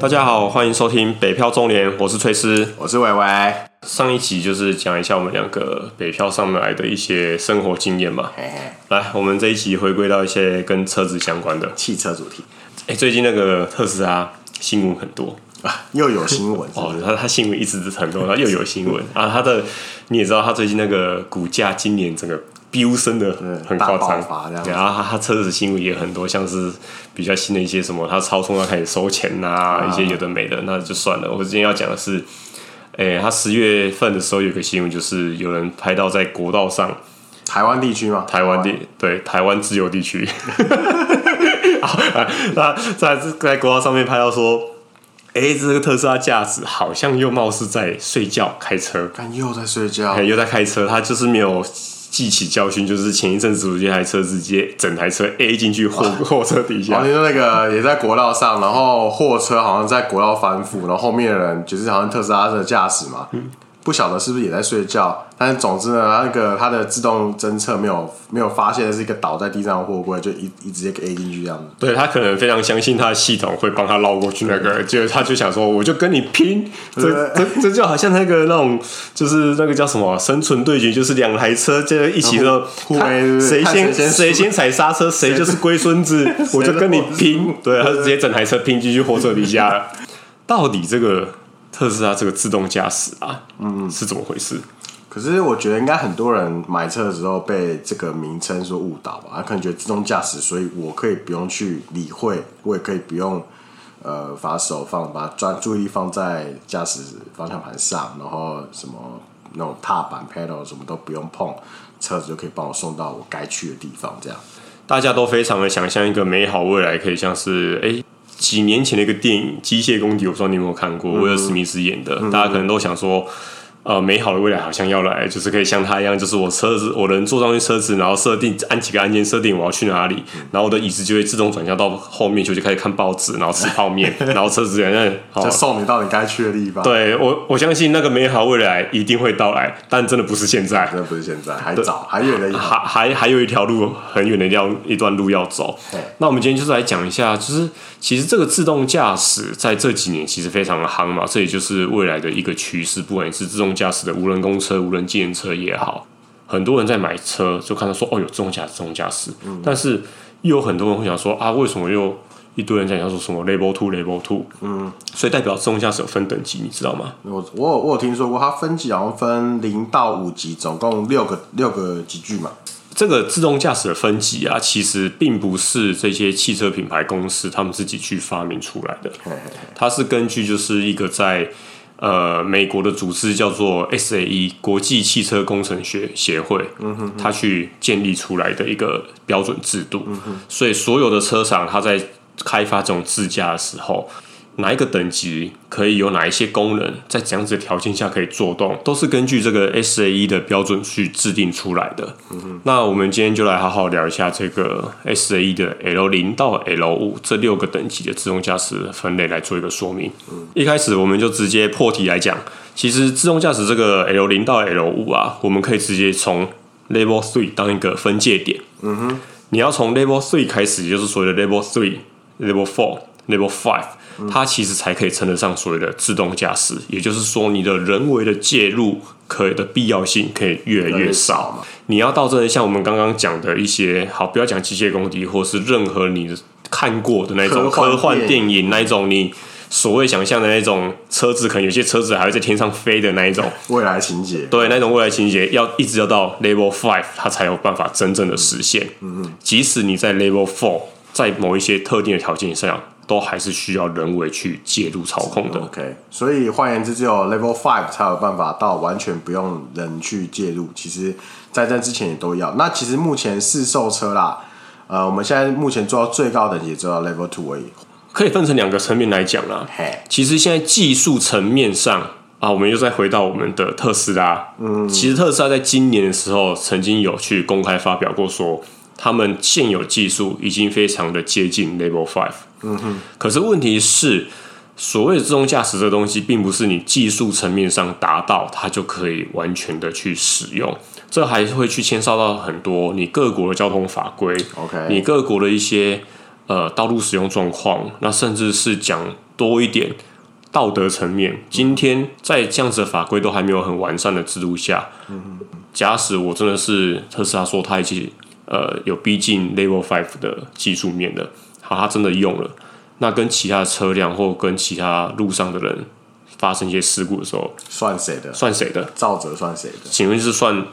大家好，歡迎收聽《北漂中年》，我是崔師，我是歪歪。上一集就是講一下我們兩個北漂上來的一些生活經驗嘛。嘿嘿。來，我們這一集回歸到一些跟車子相關的汽車主題。哎、欸，最近那個特斯拉新聞很多啊， 又有新聞哦，他他新聞一直是很多，他又有新聞 啊，他的你也知道，他最近那個股價今年整個，飆升的、嗯、很很誇張，然後他，他車子新聞也很多，像是比較新的一些什麼，他超充要開始收錢吶、啊啊，一些有的沒的，那就算了。我今天要講的是，誒、欸，他十月份的時候有個新聞，就是有人拍到在國道上，台灣地區嘛，台灣地台對台灣自由地區、 啊，那在在國道上面拍到說，誒、欸，這個特斯拉駕駛好像又貌似在睡覺開車，看又在睡覺，又在開車，他就是沒有。記起教訓，就是前一陣子這台車直接整台車 A 進去貨貨車底下。我聽說那個也在國道上，然後貨車好像在國道翻覆，然後後面的人就是好像特斯拉的駕駛嘛、嗯。不曉得是不是也在睡覺，但是總之呢，那個他的自動偵測沒有沒有發現是一個倒在地上的貨櫃，就一一直接給 A 進去這樣子。對，他可能非常相信他的系統會幫他繞過去，那個就他就想說，我就跟你拼，這這這就好像那個那種就是那個叫什麼生存對決，就是兩台車就一起的，誰先誰先踩剎車，誰就是龜孫子，我就跟你拼，我就是，對，對他就直接整台車拼進去火車底下。對對對，到底這個？特斯拉這個自動駕駛啊，嗯，是怎麼回事？可是我覺得應該很多人買車的時候被這個名稱所誤導吧，他可能覺得自動駕駛，所以我可以不用去理會，我也可以不用呃把手放，把專注力放在駕駛方向盤上，然後什麼那種踏板 pedal 什麼都不用碰，車子就可以幫我送到我該去的地方。這樣大家都非常的想象一個美好未來，可以像是哎。欸幾年前的一個電影《機械公敵》，我不知道你有沒有看過，威爾史密斯演的，嗯，大家可能都想說。呃，美好的未來好像要來，就是可以像他一樣，就是我車子，我能坐上去車子，然後設定按幾個按鍵，設定我要去哪裡，然後我的椅子就會自動轉向到後面，就就開始看報紙，然後吃泡麵， 然後車子也在好， 好，就送你到你該去的地方。對我，我相信那個美好的未來一定會到來，但真的不是現在， 真的不是現在，還早，還遠的，還還還有一條路很遠的一條一段路要走。 那我們今天就是來講一下，就是其實這個自動駕駛在這幾年其實非常的夯嘛，這也就是未來的一個趨勢，不管是自動。駕駛的無人公車、無人計程車也好，很多人在買車就看到說：“哦，有自動駕駛，自動駕駛。”嗯，但是又有很多人會想說：“啊，為什麼又一堆人講要說什麼 Level Two、Level Two？” 嗯，所以代表自動駕駛有分等級，你知道嗎？我我我有聽說過，它分級好像分零到五級，總共六個六個級距嘛。這個自動駕駛的分級啊，其實並不是這些汽車品牌公司他們自己去發明出來的，嘿嘿，它是根據就是一個在。呃，美國的組織叫做 SAE 國際汽車工程學協會，他、嗯哼、它去建立出來的一個標準制度，嗯哼、所以所有的車廠，它在開發這種自駕的時候。哪一個等級可以有哪一些功能，在怎樣子的條件下可以作動，都是根據這個 S A E 的標準去制定出來的。嗯哼。那我們今天就來好好聊一下這個 S A E 的 L 零到 L 五這六個等級的自動駕駛分類，來做一個說明。嗯。一開始我們就直接破題來講，其實自動駕駛這個 L 零到 L 五啊，我們可以直接從 Level Three 當一個分界點。嗯哼，你要從 Level Three 開始，就是所謂的 Level Three、Level Four、Level Five。它其實才可以稱得上所謂的自動駕駛，也就是說，你的人為的介入可以的必要性可以越來越少嘛。你要到真的像我們剛剛講的一些好，不要講機械公敵，或是任何你看過的那種科幻電影那種你所謂想象的那種車子，可能有些車子還會在天上飛的那一種未來情節，對，那種未來情節要一直要到 Level Five，它才有辦法真正的實現。嗯，即使你在 Level Four，在某一些特定的條件下。都還是需要人為去介入操控的。OK，所以換言之，只有 Level Five 才有辦法到完全不用人去介入。其實在這之前也都要。那其實目前市售車啦，呃，我們現在目前做到最高等級也做到 Level Two 而已。可以分成兩個層面來講啦。嘿，其實現在技術層面上啊，我們又再回到我們的特斯拉。嗯，其實特斯拉在今年的時候曾經有去公開發表過說。他們現有技術已經非常的接近 Level Five。嗯哼。可是問題是，所謂自動駕駛這東西，並不是你技術層面上達到，它就可以完全的去使用。這還會去牽涉到很多你各國的交通法規。OK。你各國的一些呃道路使用狀況，那甚至是講多一點道德層面。今天在這樣子的法規都還沒有很完善的制度下，嗯哼。假使我真的是特斯拉說太。已呃，有逼近 level five 的技術面的，好，他真的用了，那跟其他車輛或跟其他路上的人發生一些事故的時候，算誰的？算誰的？肇責算誰的？請問是算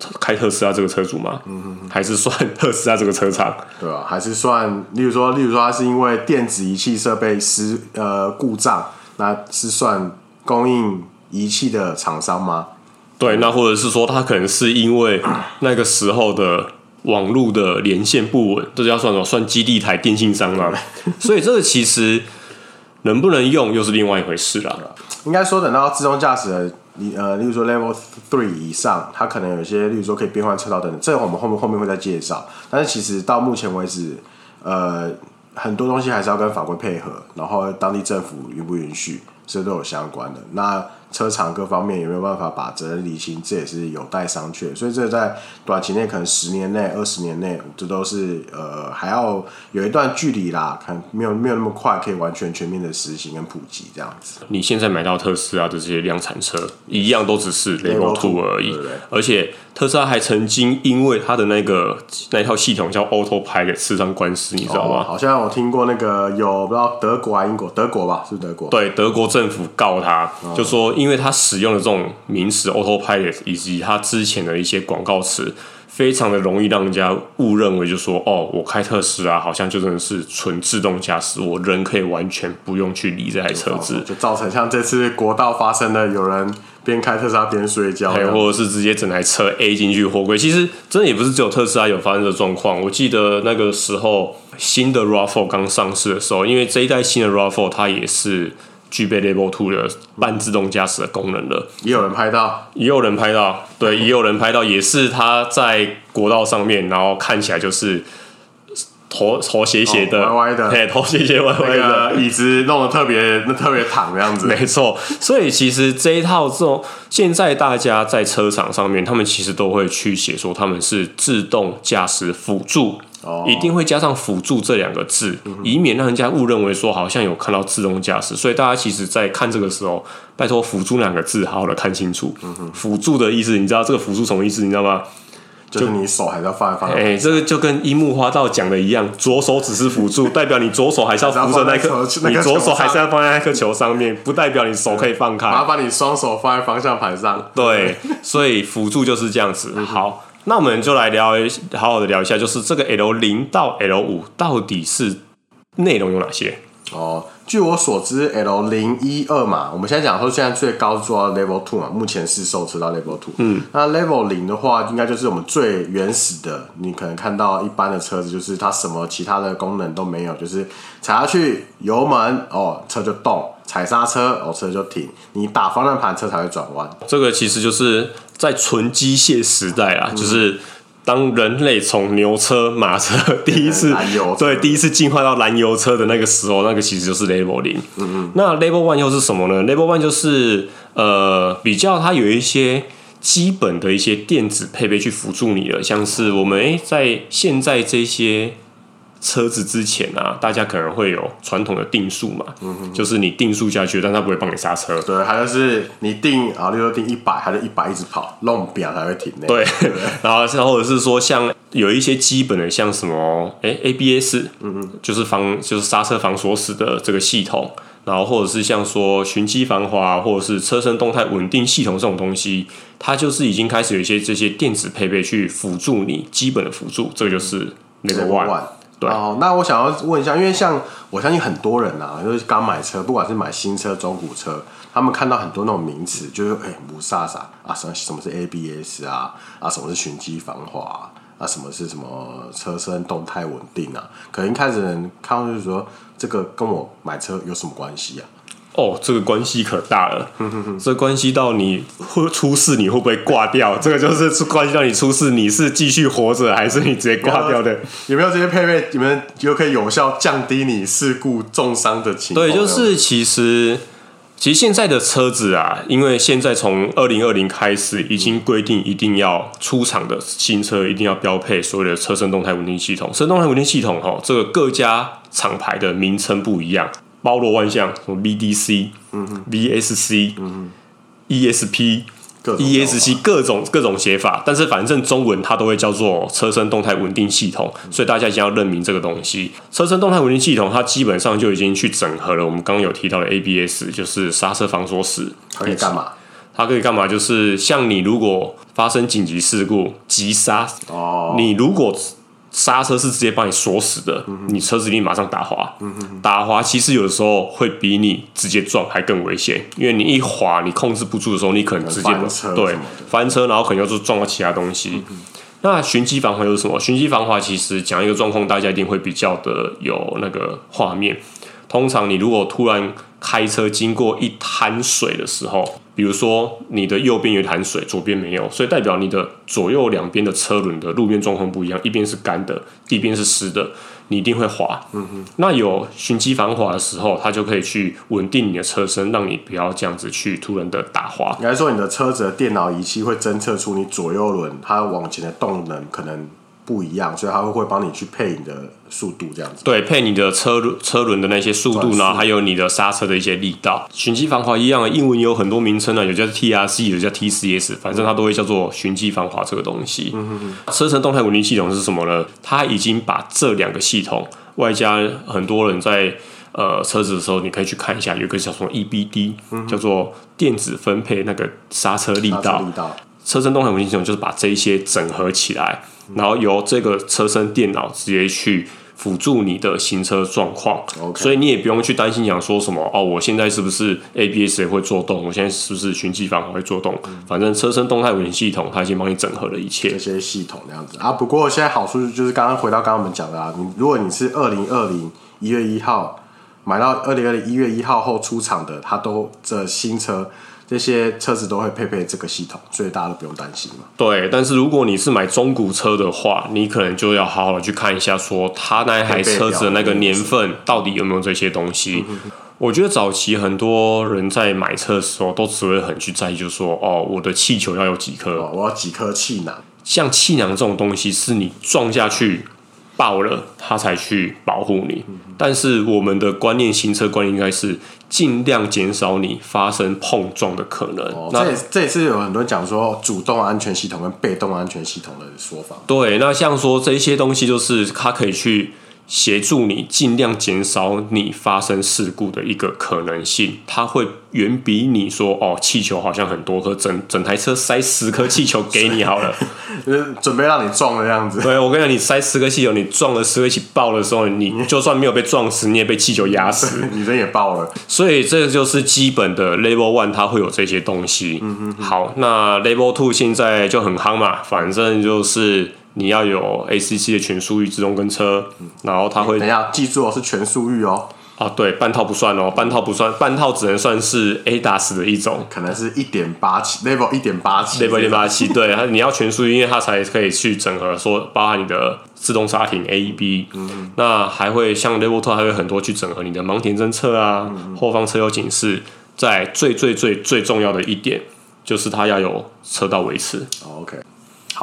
開特斯拉這個車主嗎？嗯哼哼還是算特斯拉這個車廠？對啊，還是算，例如說，例如說，他是因為電子儀器設備失呃故障，那是算供應儀器的廠商嗎？對，那或者是說，他可能是因為那個時候的。網路的連線不穩，這是要算什麼？算基地台、電信商啊？ 所以這個其實能不能用，又是另外一回事了。應該說，等到自動駕駛，你呃，例如說 Level Three 以上，它可能有些，例如說可以變換車道等等，這個我們後面後面會再介紹。但是，其實到目前為止，呃，很多東西還是要跟法規配合，然後當地政府允不允許，這都有相關的。那車廠各方面有沒有辦法把責任理清，這也是有待商榷。所以這在短期內可能十年內、二十年內，這都是呃還要有一段距離啦，可能沒有沒有那麼快可以完全全面的實行跟普及這樣子。你現在買到特斯拉的這些量產車，一樣都只是 Level 2而已。而且特斯拉還曾經因為它的那個那一套系統叫 Autopilot 給吃上官司，你知道嗎？好像我聽過那個有不知道德國啊、英國、德國吧，是德國對德國政府告他就說。因為它使用的這種名詞 autopilot 以及它之前的一些廣告詞，非常的容易讓人家誤認為就說哦，我開特斯拉，好像就真的是純自動駕駛，我人可以完全不用去理這台車子，就造成像這次國道發生的有人邊開特斯拉邊睡覺，或者是直接整台車 A 進去貨櫃。其實真的也不是只有特斯拉有發生的狀況。我記得那個時候新的 RAV4 剛上市的時候，因為這一代新的 RAV4 它也是，具備 Level Two 的半自動駕駛的功能了，也有人拍到，嗯、也有人拍到，對、嗯，也有人拍到，也是它在國道上面，然後看起來就是頭頭斜斜的、哦、歪歪的，對，頭斜斜歪歪的，那個、椅子弄得特別 特別躺的樣子，沒錯。所以其實這一套這種，現在大家在車廠上面，他們其實都會去寫說他們是自動駕駛輔助。哦、一定會加上輔助這兩個字、嗯，以免讓人家誤認為說好像有看到自動駕駛。所以大家其實在看這個時候，嗯、拜托輔助兩個字好好的看清楚。輔、嗯、助的意思，你知道這個輔助什麼意思？你知道嗎？就、就是你手還是在要放在方向盤上、欸、這個就跟櫻木花道講的一樣，左手只是輔助， 代表你左手還,要還是要扶着那顆，你左手還是要放在那顆球上面，那個、球上 不代表你手可以放開。麻煩你雙手放在方向盤上。 對，所以輔助就是這樣子。嗯、好。那我們就來聊一，好好的聊一下，就是這個 L 零到 L 五到底是內容有哪些？哦，據我所知，L 零、一、二嘛，我們現在講說現在最高做到 Level Two 嘛，目前是售車到 Level Two。嗯，那 Level 零的話，應該就是我們最原始的，你可能看到一般的車子，就是它什麼其他的功能都沒有，就是踩下去油門哦，車就動；踩剎車哦，車就停；你打方向盤，車才會轉彎。這個其實就是。在純機械時代啊、嗯，就是當人類從牛車、馬車第一次對第一次進化到燃油車的那個時候，那個其實就是 Level 零。嗯嗯，那 Level One 又是什麼呢？Level One 就是呃，比較它有一些基本的一些電子配備去輔助你的，像是我們、欸、在現在這些。車子之前啊，大家可能會有傳統的定速嘛、嗯，就是你定速下去，但它不會幫你剎車。對，還有是你定啊，例如定一百，它就一百一直跑，弄表還會停的。對，然後或者是說像有一些基本的，像什麼哎、欸、ABS，嗯嗯，就是防就是剎車防鎖死的這個系統，然後或者是像說循跡防滑，或者是車身動態穩定系統這種東西，它就是已經開始有一些這些電子配備去輔助你基本的輔助，這個，就是那個 one。對哦，那我想要問一下，因為像我相信很多人啊就是剛買車，不管是買新車、中古車，他們看到很多那種名詞，就是哎，霧煞煞啊，什麼什麼是 ABS 啊，啊，什麼是循跡防滑啊，啊，什麼是什麼車身動態穩定啊，可能一開始人看到就是說，這個跟我買車有什麼關係啊？哦，這個關係可大了，嗯、哼哼，這關係到你會出事，你會不會掛掉，這個就是關係到你出事，你是繼續活着還是你直接掛掉的。沒有，有沒有這些配備？你們有，有就可以有效降低你事故重傷的情？對，就是其實其實現在的車子啊，因為現在從二零二零開始，已經規定一定要出廠的新車一定要標配所謂的車身動態穩定系統。車身動態穩定系統哈、哦，這個各家廠牌的名稱不一樣。包羅萬象，什麼 VDC、嗯、VSC、嗯、ESP、ESC，各種各種寫法，但是反正中文它都會叫做車身動態穩定系統，嗯、所以大家一定要認明這個東西。車身動態穩定系統它基本上就已經去整合了，我們剛剛有提到的 ABS 就是剎車防鎖死。它可以幹嘛？它可以幹嘛？就是像你如果發生緊急事故急剎，哦，你如果。剎車是直接把你鎖死的，你車子立馬上打滑，打滑其實有的時候會比你直接撞還更危險，因為你一滑你控制不住的時候，你可能直接對翻車，對翻車然後可能就是撞到其他東西。那循跡防滑又是什麼？循跡防滑其實講一個狀況，大家一定會比較的有那個畫面。通常你如果突然開車經過一灘水的時候。比如說，你的右邊有一潭水，左邊沒有，所以代表你的左右兩邊的車輪的路面狀況不一樣，一邊是乾的，一邊是濕的，你一定會滑。嗯哼，那有循跡防滑的時候，它就可以去穩定你的車身，讓你不要這樣子去突然的打滑。應該說你的車子的電腦儀器會偵測出你左右輪它往前的動能可能？不一樣，所以他會會幫你去配你的速度這樣子。對，配你的車輪車輪的那些速度呢，然後還有你的剎車的一些力道。循跡防滑一樣的，英文有很多名稱，啊、有叫 T R C，有叫 T C S，嗯、反正它都會叫做循跡防滑這個東西。嗯、哼哼，車身動態穩定系統是什麼呢？它已經把這兩個系統外加很多人在呃車子的時候，你可以去看一下，有個叫做 E B D，叫做電子分配那個剎車力道。車身動態穩定系統就是把這一些整合起來，然後由這個車身電腦直接去輔助你的行車狀況。Okay. 所以你也不用去擔心講說什麼哦，我現在是不是 A B S 會做動？我現在是不是循跡防滑會做動，嗯？反正車身動態穩定系統，它已經幫你整合了一切這些系統那樣子啊。不過現在好處就是剛剛回到剛剛我們講的啊，你如果你是二零二零一月一號買到二零二零一月一號後出廠的，它都這新車。這些車子都會配備這個系統，所以大家都不用擔心嘛。對，但是如果你是買中古車的話，你可能就要好好去看一下說，說他那台車子的那個年份到底有沒有這些東西。我覺得早期很多人在買車的時候都只會很去在意就是，就說哦，我的氣球要有幾顆、哦，我要幾顆氣囊。像氣囊這種東西，是你撞下去，爆了，它才去保護你。嗯。但是我們的觀念，行車觀念應該是盡量減少你發生碰撞的可能。哦，那這也，這也是有很多講說主動安全系統跟被動安全系統的說法。對，那像說這些東西，就是它可以去。協助你盡量減少你發生事故的一個可能性，它會遠比你說哦，氣球好像很多，顆整整台車塞十顆氣球給你好了，就 是準備讓你撞的樣子。對我跟你講，你塞十顆氣球，你撞了十顆氣爆的時候，你就算沒有被撞死，你也被氣球壓死，女 生也爆了。所以這個就是基本的 Level One，它會有這些東西。嗯嗯。好，那 Level Two 現在就很夯嘛，反正就是。你要有 ACC 的全速域自動跟車，嗯、然後它會、嗯、等下記住是全速域哦。啊，對，半套不算哦，半套不算，半套只能算是 A 達十的一種，可能是，是一點八七 level，一點八七 level，一點八七。對， 你要全速域，因為它才可以去整合說，說包含你的自動剎停 AEB、嗯嗯、那還會像 level two 還有很多去整合你的盲停偵測啊，嗯嗯，後方車友警示。在最，最最最最重要的一點，就是它要有車道維持。Oh, OK。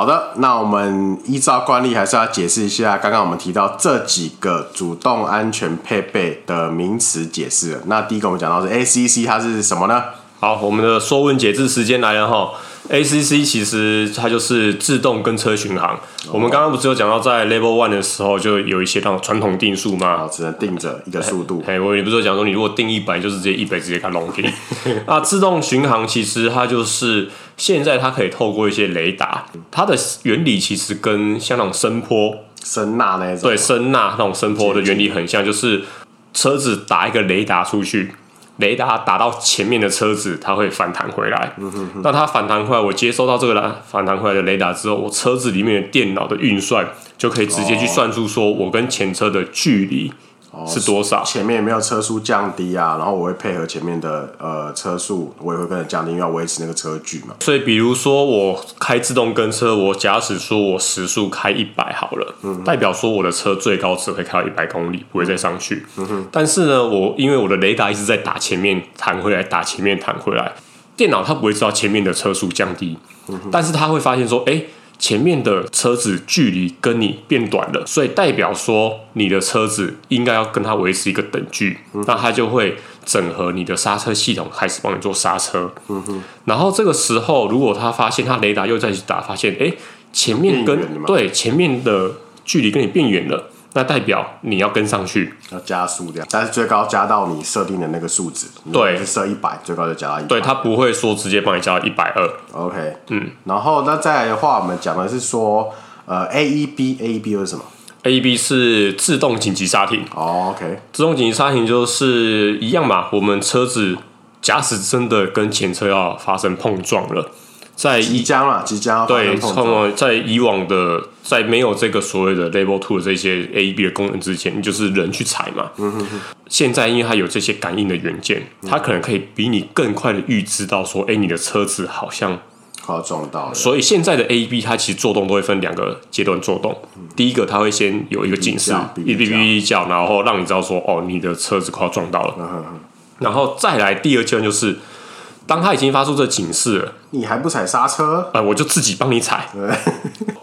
好的，那我們依照慣例還是要解釋一下剛剛我們提到這幾個主動安全配備的名詞解釋。那第一個我們講到是 ACC，它是什麼呢？好，我們的說文解字時間來了哈。ACC 其實它就是自動跟車巡航。Oh. 我們剛剛不是有講到在 Level One 的時候就有一些這種傳統定速嗎？只能定着一個速度。嘿，嘿我也不是講說你如果定一百，就是直接一百，直接看攏去。 那自動巡航其實它就是。現在它可以透過一些雷達，它的原理其實跟像那種聲波、聲呐那種，對聲呐那種聲波的原理很像，就是車子打一個雷達出去，雷達打到前面的車子，它會反彈回來、嗯哼哼。那它反彈回來，我接收到這個反彈回來的雷達之後，我車子裡面的電腦的運算就可以直接去算出說我跟前車的距離。哦哦、是多少？前面有沒有車速降低啊？然後我會配合前面的呃車速，我也會跟着降低，因為要維持那個車距嘛。所以比如說我開自動跟車，我假使說我時速開一百好了、嗯，代表說我的車最高只會開到一百公里，不會再上去。嗯、但是呢，我因為我的雷達一直在打前面彈回來，打前面彈回來，電腦它不會知道前面的車速降低，嗯、但是它會發現說，哎、欸。前面的車子距離跟你變短了，所以代表說你的車子應該要跟它維持一個等距，那它就會整合你的剎車系統開始幫你做剎車。嗯哼。然後這個時候，如果它發現它雷達又再去打，發現哎、欸、前面跟，對，前面的距離跟你變遠了。那代表你要跟上去，要加速這樣，但是最高加到你設定的那個數值。是 100, 對，設一百，最高就加到一百對，他不會說直接幫你加到一百二。OK，嗯，然後那再來的話，我們講的是說，呃，A E B A E B 是什麼？A E B 是自動緊急剎停。Oh, OK，自動緊急剎停就是一樣嘛，我們車子假使真的跟前車要發生碰撞了。在即將嘛，即將對，從在以往的在沒有這個所謂的 level two 的這些 AEB 的功能之前，就是人去踩嘛、嗯哼哼。現在因為它有這些感應的元件，它可能可以比你更快的預知到說，哎、欸，你的車子好像快要撞到了。所以現在的 AEB 它其實作動都會分兩個階段作動、嗯。第一個，它會先有一個警示，一嗶嗶叫，然後讓你知道說，哦，你的車子快要撞到了、嗯哼哼。然後再來第二階段就是。當他已經發出這警示了，你還不踩剎車？呃，我就自己幫你踩。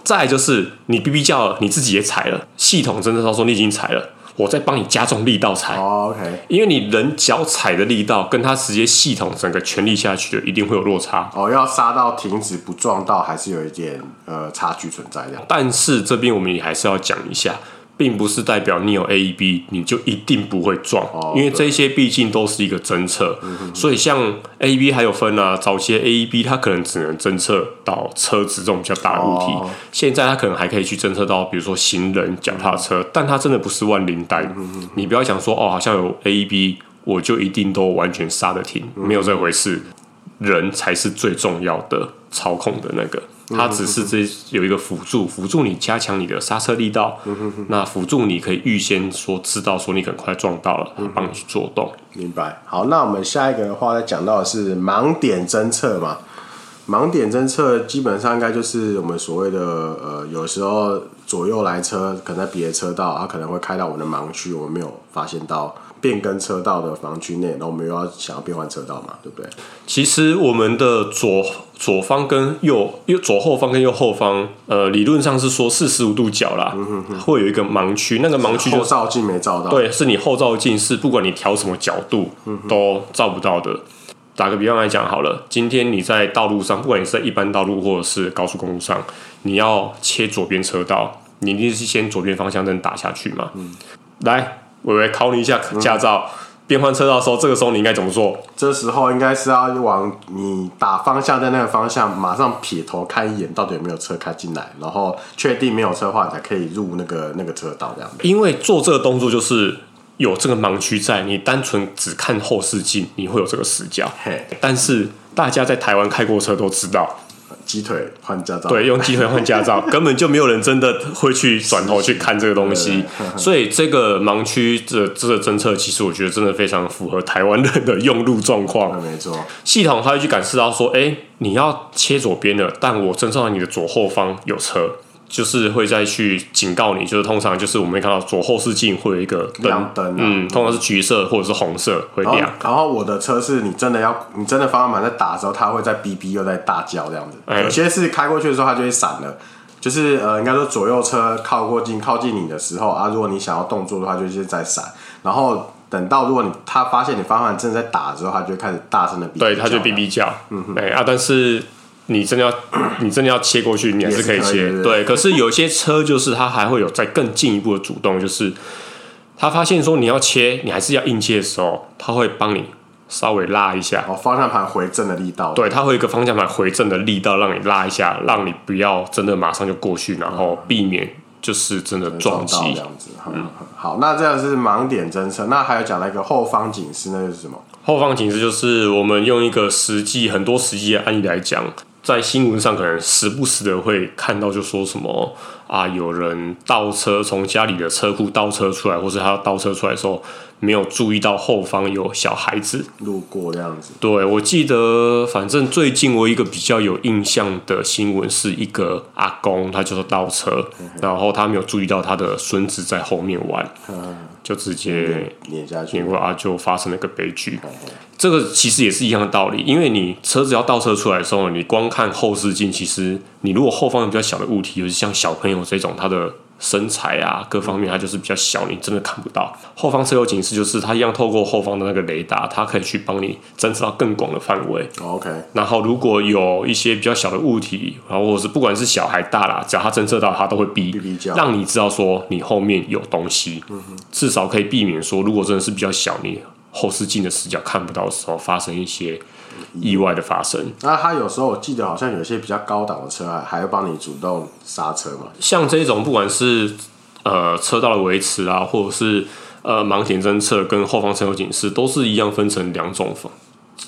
再就是你嗶嗶叫了，你自己也踩了，系統真的，他說你已經踩了，我再幫你加重力道踩。Oh, okay. 因為你人腳踩的力道，跟他直接系統整個全力下去的，一定會有落差。哦，要剎到停止不撞到，還是有一點呃差距存在的。但是這邊我們也還是要講一下。並不是代表你有 AEB，你就一定不會撞，哦、因為這些畢竟都是一個偵測、嗯。所以像 AEB 還有分啊，早期 AEB 它，可能只能偵測到車子這種比較大的物體，哦、現在它可能還可以去偵測到，比如說行人、腳踏車、嗯，但它真的不是萬靈丹、嗯。你不要想說哦，好像有 AEB，我就一定都完全剎得停、嗯哼哼，沒有這回事。人才是最重要的操控的那個。它只是這有一個輔助，輔助你加強你的剎車力道，嗯、哼哼，那輔助你可以預先說知道說你可能快撞到了，幫你去做動。明白。好，那我們下一個的話再講到的是盲點偵測嘛，盲點偵測基本上應該就是我們所謂的呃，有時候左右來車可能在別的車道，它可能會開到我們的盲區，我沒有發現到。變更車道的房區內，那我們又要想要變換車道嘛，對不對？其實我們的左左方跟右右左後方跟右後方，呃，理論上是說四十五度角啦，嗯哼哼，會有一個盲區。那個盲區，就是，後照鏡沒照到，對，是你後照鏡是不管你調什麼角度，嗯、都照不到的。打個比方來講，好了，今天你在道路上，不管你是在一般道路或者是高速公路上，你要切左邊車道，你一定是先左邊方向燈打下去嘛。嗯，來。喂喂，考你一下駕照，嗯、變換車道的時候，這個時候你應該怎麼做？這時候應該是要往你打方向在那個方向，馬上撇頭看一眼，到底有沒有車開進來，然後確定沒有車的話，才可以入那個那個車道，這樣。因為做這個動作就是有這個盲區在，你單純只看後視鏡，你會有這個死角。嘿，但是大家在台灣開過車都知道。雞腿換駕照？對，用雞腿換駕照， 根本就沒有人真的會去轉頭去看這個東西。對對對，呵呵，所以這個盲區這這個偵測，其實我覺得真的非常符合台灣人的用路狀況。沒錯，系統它會去感知到說，哎、欸，你要切左邊了，但我偵測到你的左後方有車。就是會再去警告你，就是通常就是我們會看到左後視鏡會有一個亮燈啊，嗯，通常是橘色或者是紅色會亮然。然後我的車是你真的要你真的方向盤在打的時候，它會在嗶嗶又在大叫這樣子。有些是開過去的時候它就會閃了，就是呃應該說左右車靠過近靠近你的時候啊，如果你想要動作的話，就一直在閃。然後等到如果你他發現你方向盤正在打的時候，他就會開始大聲的嗶嗶叫，對，他就嗶嗶叫，嗯，哎啊，但是。你真的要，你真的要切過去，你還是可以切。也是可以，是不是？對，可是有些車就是它還會有再更進一步的主動，就是它發現說你要切，你還是要硬切的時候，它會幫你稍微拉一下。哦，方向盤回正的力道。對，它會一個方向盤回正的力道讓你拉一下，嗯，讓你不要真的馬上就過去，然後避免，就是真的撞擊這樣子，嗯嗯。好，那這樣是盲點偵測。那還有講了一個後方警示，那就是什麼？後方警示就是我們用一個實際很多實際的案例來講。在新聞上，可能時不時的會看到，就說什麼。啊！有人倒車，從家裡的車庫倒車出來，或是他倒車出來的時候沒有注意到後方有小孩子路過這樣子。對，我記得，反正最近我一個比較有印象的新聞是一個阿公，他就是倒車，嘿嘿然後他沒有注意到他的孫子在後面玩，嘿嘿就直接碾下去，啊，就發生了一個悲劇。這個其實也是一樣的道理，因為你車子要倒車出來的時候，你光看後視鏡，其實。你如果後方有比較小的物體，尤其像小朋友這種，他的身材啊，各方面他就是比較小，你真的看不到。後方車流警示就是它一樣透過後方的那個雷達，它可以去幫你偵測到更廣的範圍。Oh, OK。然後如果有一些比較小的物體，然後是不管是小還大啦，只要它偵測到，它都會避，讓你知道說你後面有東西。嗯哼。至少可以避免說，如果真的是比較小，你後視鏡的視角看不到的時候發生一些。意外的發生、嗯。那他有時候我記得好像有些比較高檔的車還還會幫你主動剎車嘛？像這種不管是呃車道的維持啊，或者是呃盲點偵測跟後方車友警示，都是一樣分成兩種方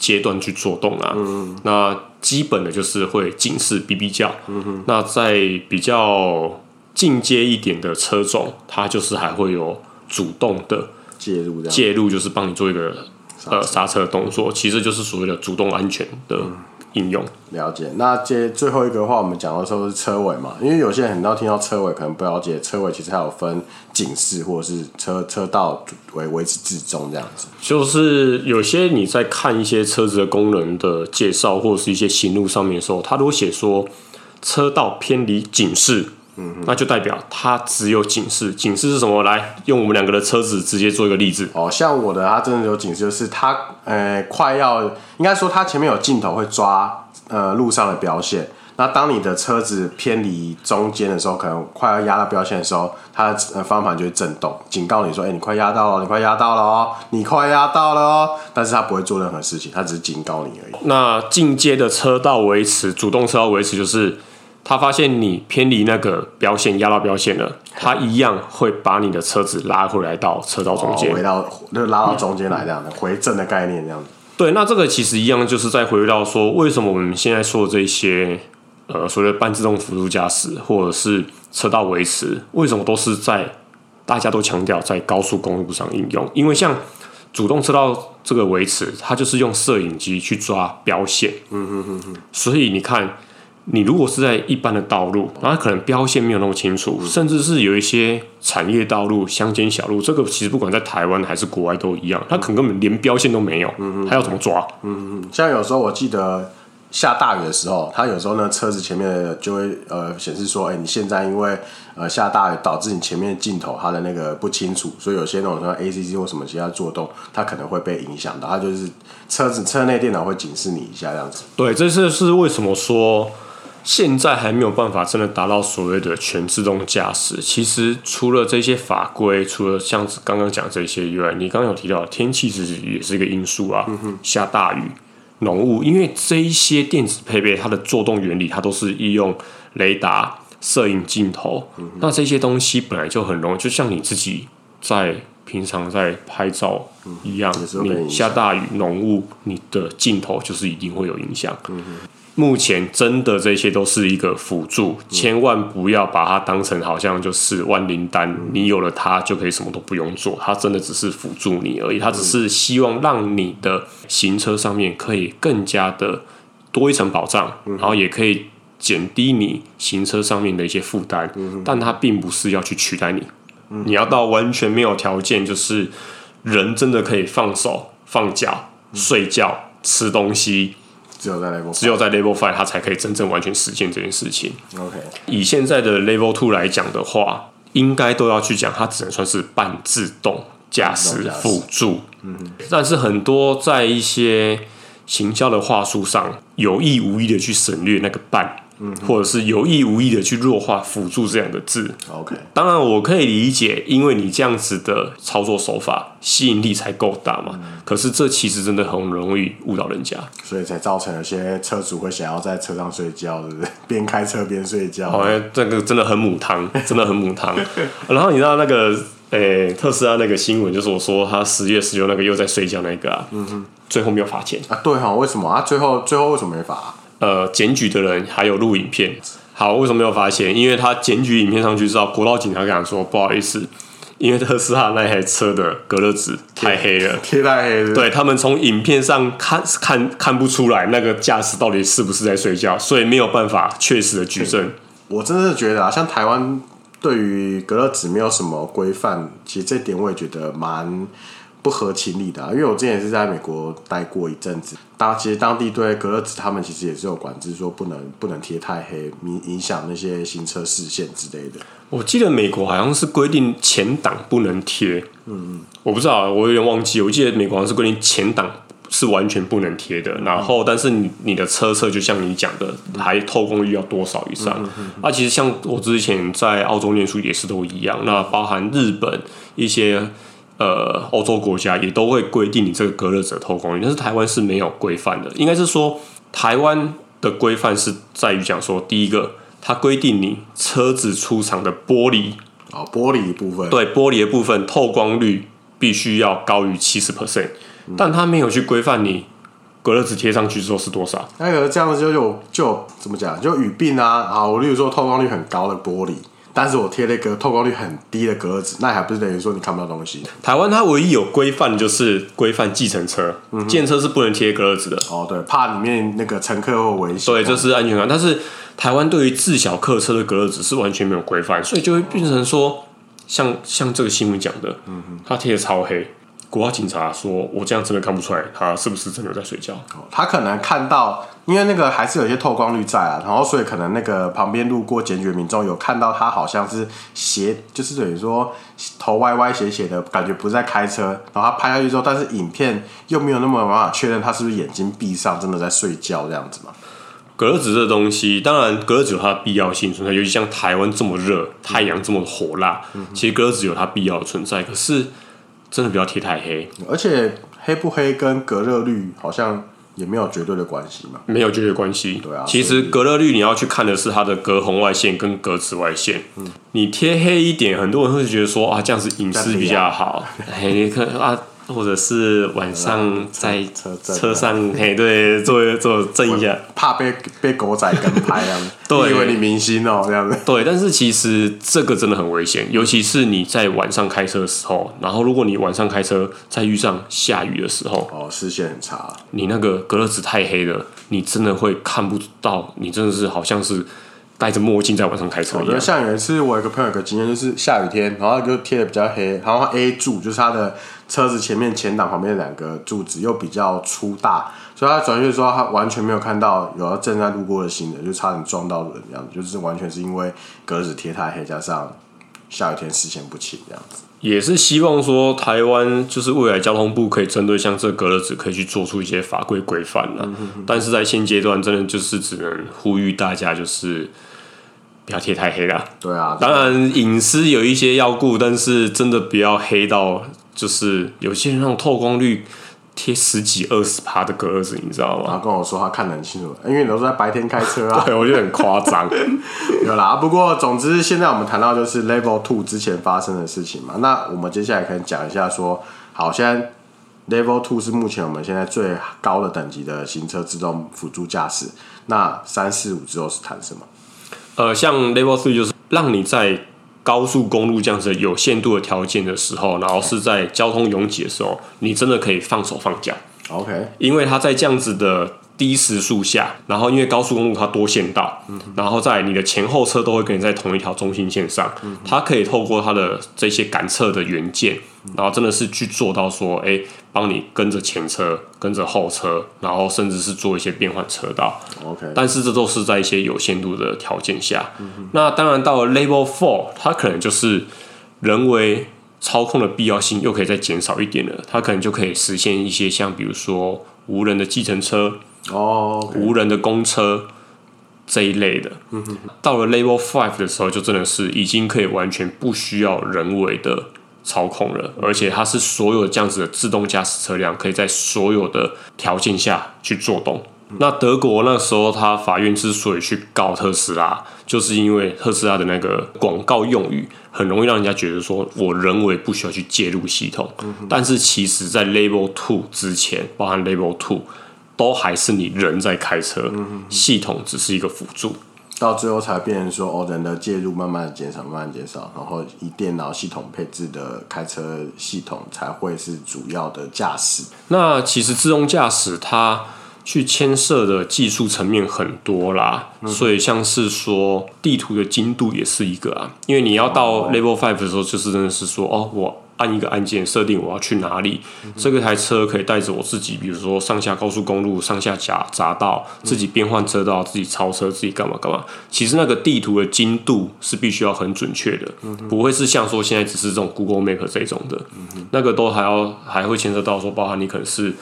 階段去做動啊。嗯，嗯，那基本的就是會警示嗶嗶叫。嗯哼，那在比較進階一點的車種，它就是還會有主動的介入介入，就是幫你做一個。呃，剎車的動作，其實就是所謂的主動安全的應用、嗯。了解。那接最後一個話，我們講的時候是車尾嘛，因為有些人很多聽到車尾可能不了解，車尾其實還有分警示或者是車車道維維持置中這樣子。就是有些你在看一些車子的功能的介紹，或者是一些行路上面的時候，他如果寫說車道偏離警示，那就代表它只有警示，警示是什麼？來，用我們兩個的車子直接做一個例子。哦，像我的，它真的有警示，就是它，呃，快要，應該說它前面有鏡頭會抓，呃，路上的標線。那當你的車子偏離中間的時候，可能快要壓到標線的時候，它的方向盤就會震動，警告你說，誒、欸，你快壓到了，你快壓到了哦，你快壓到了哦。但是它不會做任何事情，它只是警告你而已。那進階的車道維持，主動車道維持就是。他發現你偏離那個標線，壓到標線了，他一樣會把你的車子拉回來到車道中間，哦，回到拉到中間來這樣的，嗯、回正的概念這樣子。對，那這個其實一樣，就是在回到說為什麼我們現在說的這些呃所謂的半自動輔助駕駛或者是車道維持，為什麼都是在大家都強調在高速公路路上應用？因為像主動車道這個維持，它就是用攝影機去抓標線，嗯哼哼哼，所以你看。你如果是在一般的道路，它可能標線沒有那麼清楚，甚至是有一些產業道路、鄉間小路，這個其實不管在台灣還是國外都一樣，它可能根本連標線都沒有，還要怎麼抓？嗯嗯，像有時候我記得下大雨的時候，它有時候呢，車子前面就會呃顯示說，哎、欸，你現在因為呃下大雨導致你前面的鏡頭它的那個不清楚，所以有些那種什麼 ACC 或什麼其他作動，它可能會被影響到，它就是車子車內電腦會警示你一下這樣子。對，這是是為什麼說。現在還沒有辦法真的達到所謂的全自動駕駛。其實除了這些法規，除了像剛剛講這些以外，你剛剛有提到天氣其實也是一個因素啊。嗯、下大雨、濃霧，因為這一些電子配備它的作動原理，它都是利用雷達、攝影鏡頭、嗯。那這些東西本來就很容易，就像你自己在平常在拍照一樣，嗯、你下大雨、濃霧，你的鏡頭就是一定會有影響。嗯目前真的這些都是一個輔助、嗯，千萬不要把它當成好像就是萬靈丹、嗯。你有了它就可以什麼都不用做，它真的只是輔助你而已。它只是希望讓你的行車上面可以更加的多一層保障、嗯，然後也可以減低你行車上面的一些負擔、嗯。但它並不是要去取代你，嗯、你要到完全沒有條件，就是人真的可以放手放腳睡覺、嗯、吃東西。只有在只有在 Level Five，它才可以真正完全實現這件事情。OK，以現在的 Level Two 來講的話，應該都要去講，它只能算是半自動駕駛輔助。嗯，但是很多在一些行銷的話術上，有意無意的去省略那個半。嗯，或者是有意無意的去弱化“輔助”這兩個字。OK，當然我可以理解，因為你這樣子的操作手法吸引力才夠大嘛、嗯。可是這其實真的很容易誤導人家，所以才造成有些車主會想要在車上睡覺，是不是？邊開車邊睡覺，好像、欸、這個真的很母湯，真的很母湯。 然後你知道那個誒、欸，特斯拉那個新聞，就是我說他十月十九那個又在睡覺那個、啊，嗯哼，最後沒有罰錢啊？對哈，為什麼啊？最後最後為什麼沒罰？呃，檢舉的人還有錄影片，好，為什麼沒有發現？因為他檢舉影片上去之後，國道警察跟他說，不好意思，因為特斯拉那台車的隔熱紙太黑了，貼太黑了，對他們從影片上看看看不出來那個駕駛到底是不是在睡覺，所以沒有辦法確實的舉證。我真的是覺得啊，像台灣對於隔熱紙沒有什麼規範，其實這點我也覺得蠻不合情理的，啊，因為我之前也是在美國待過一陣子，但其實當地對隔熱紙，他們其實也是有管制，說不能不能貼太黑，影影響那些行車視線之類的。我記得美國好像是規定前擋不能貼，嗯，我不知道，我有點忘記。我記得美國好像是規定前擋是完全不能貼的，嗯，然後但是你，你的車車就像你講的，嗯，還透光率要多少以上？嗯嗯嗯嗯，啊，其實像我之前在澳洲念書也是都一樣，嗯、那包含日本一些。呃，歐洲國家也都會規定你這個隔熱紙的透光率，但是台灣是沒有規範的。應該是說，台灣的規範是在於講說，第一個，它規定你車子出廠的玻璃啊，哦，玻璃的部分，對，玻璃的部分透光率必須要高於七十 percent，但它沒有去規範你隔熱紙貼上去之後是多少。那個，這樣子就有就就怎麼講，就語病啊啊，我例如說透光率很高的玻璃。但是我貼了一個透光率很低的隔熱紙，那還不是等於說你看不到東西？台灣它唯一有規範的就是規範計程車，嗯、計程車是不能貼隔熱紙的。哦，對，怕裡面那個乘客會危險。對，這是安全感。但是台灣對於自小客車的隔熱紙是完全沒有規範，所以就會變成說，哦、像像這個新聞講的，嗯哼，它貼的超黑。國家警察說：“我這樣真的看不出來，他是不是真的在睡覺，哦。他可能看到，因為那個還是有些透光率在啊，然後所以可能那個旁邊路過檢舉的民眾有看到他好像是斜，就是等於說頭歪歪斜斜的感覺，不是在開車。然後他拍下去之後，但是影片又沒有那麼有辦法確認他是不是眼睛閉上，真的在睡覺這樣子嘛？格子這東西，當然格子有它的必要性存在，尤其像台灣這麼熱，太陽這麼火辣，嗯，其實格子有它必要的存在。可是。”真的不要貼太黑，而且黑不黑跟隔熱率好像也沒有絕對的關係嘛，沒有絕對關係。對啊，其實隔熱率你要去看的是它的隔紅外線跟隔紫外線。嗯，你貼黑一點，很多人會覺得說啊，這樣子隱私比較好。 哎，你看啊。或者是晚上在車上，車車車上，嘿，對，做 做震一下，怕被被狗仔跟拍啊， 對，以為你明星哦、喔，這樣子。對，但是其實這個真的很危險，尤其是你在晚上開車的時候，然後如果你晚上開車在遇上下雨的時候，哦，視線很差，你那個隔熱紙太黑了，你真的會看不到，你真的是好像是戴着墨鏡在晚上開車。我覺得像有一次我有個朋友，今天就是下雨天，然後就貼的比較黑，然後 A 柱就是他的。車子前面前擋旁邊兩個柱子又比較粗大，所以他轉述說他完全沒有看到有要正在路過的行人，就差點撞到的人這樣子。就是完全是因為格子貼太黑，加上下雨天視線不清這樣子。也是希望說台灣就是未來交通部可以針對像這格子可以去做出一些法規規範了。但是在現階段，真的就是只能呼籲大家就是不要貼太黑了。對、嗯、啊，當然隱私有一些要顧，但是真的不要黑到。就是有些人讓透光率貼十幾二十趴的格子，你知道嗎？他跟我說他看得很清楚，欸、因為你都是在白天開車啊。 對，我覺得很誇張， 有啦。不過總之，現在我們談到就是 Level Two 之前發生的事情嘛。那我們接下來可以講一下說，好，現在 Level Two 是目前我們現在最高的等級的行車自動輔助駕駛。那三四五之後是談什麼？呃，像 Level Three 就是讓你在。高速公路這樣子有限度的條件的時候，然後是在交通擁擠的時候，你真的可以放手放腳，OK，因為它在這樣子的。低時速下，然後因為高速公路它多線道，嗯、然後在你的前後車都會跟你在同一條中心線上、嗯，它可以透過它的這些感測的元件、嗯，然後真的是去做到說，誒、欸，幫你跟着前車，跟着後車，然後甚至是做一些變換車道。OK，但是這都是在一些有限度的條件下、嗯。那當然到了 Level Four，它可能就是人為操控的必要性又可以再減少一點了，它可能就可以實現一些像比如說無人的計程車。哦、oh, okay.，無人的公車這一類的，到了 Level Five 的時候，就真的是已經可以完全不需要人為的操控了。而且它是所有這樣子的自動駕駛車輛，可以在所有的條件下去作動。那德國那時候，他法院之所以去告特斯拉，就是因為特斯拉的那個廣告用語，很容易讓人家覺得說，我人為不需要去介入系統。但是其實在 Level Two 之前，包含 Level Two。都還是你人在開車，嗯、系統只是一個輔助，到最後才變成說哦，人的介入慢慢減少，慢慢減少，然後以電腦系統配置的開車系統才會是主要的駕駛。那其實自動駕駛它去牽涉的技術層面很多啦、嗯，所以像是說地圖的精度也是一個啊，因為你要到 Level Five 的時候，就是真的是說哦我。按一個按鍵設定我要去哪裡，嗯、這個台車可以帶着我自己，比如說上下高速公路、上下匝道，自己變換車道、嗯、自己超車、自己幹嘛幹嘛。其實那個地圖的精度是必須要很準確的，嗯、不會是像說現在只是這種 Google Map 這種的、嗯，那個都還要還會牽扯到說，包含你可能是。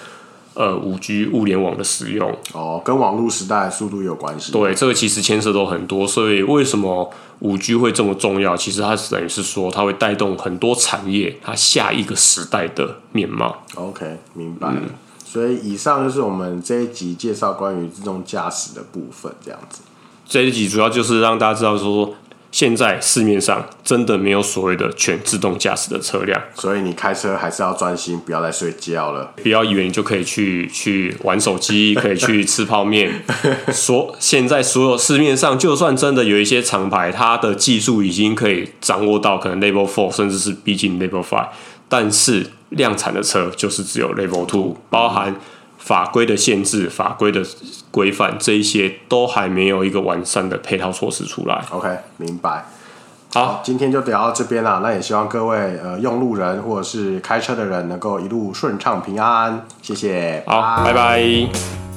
呃，5G 物聯網的使用哦，跟網絡時代速度有關係。對，這個其實牽涉都很多，所以為什麼 5G 會這麼重要？其實它等於是說，它會帶動很多產業，它下一個時代的面貌。OK，明白了。嗯。所以以上就是我們這一集介紹關於自動駕駛的部分，這樣子。這一集主要就是讓大家知道說。現在市面上真的沒有所謂的全自動駕駛的車輛，所以你開車還是要專心，不要再睡覺了。不要以為你就可以去去玩手機，可以去吃泡麵。所 現在所有市面上，就算真的有一些廠牌，它的技術已經可以掌握到可能 Level Four，甚至是逼近 Level Five，但是量產的車就是只有 Level Two，包含。法規的限制、法規的規範，這一些都還沒有一個完善的配套措施出來。OK，明白。好，今天就聊到這邊啦。那也希望各位，呃，用路人或者是開車的人能夠一路順暢平安。謝謝。好，Bye，拜拜。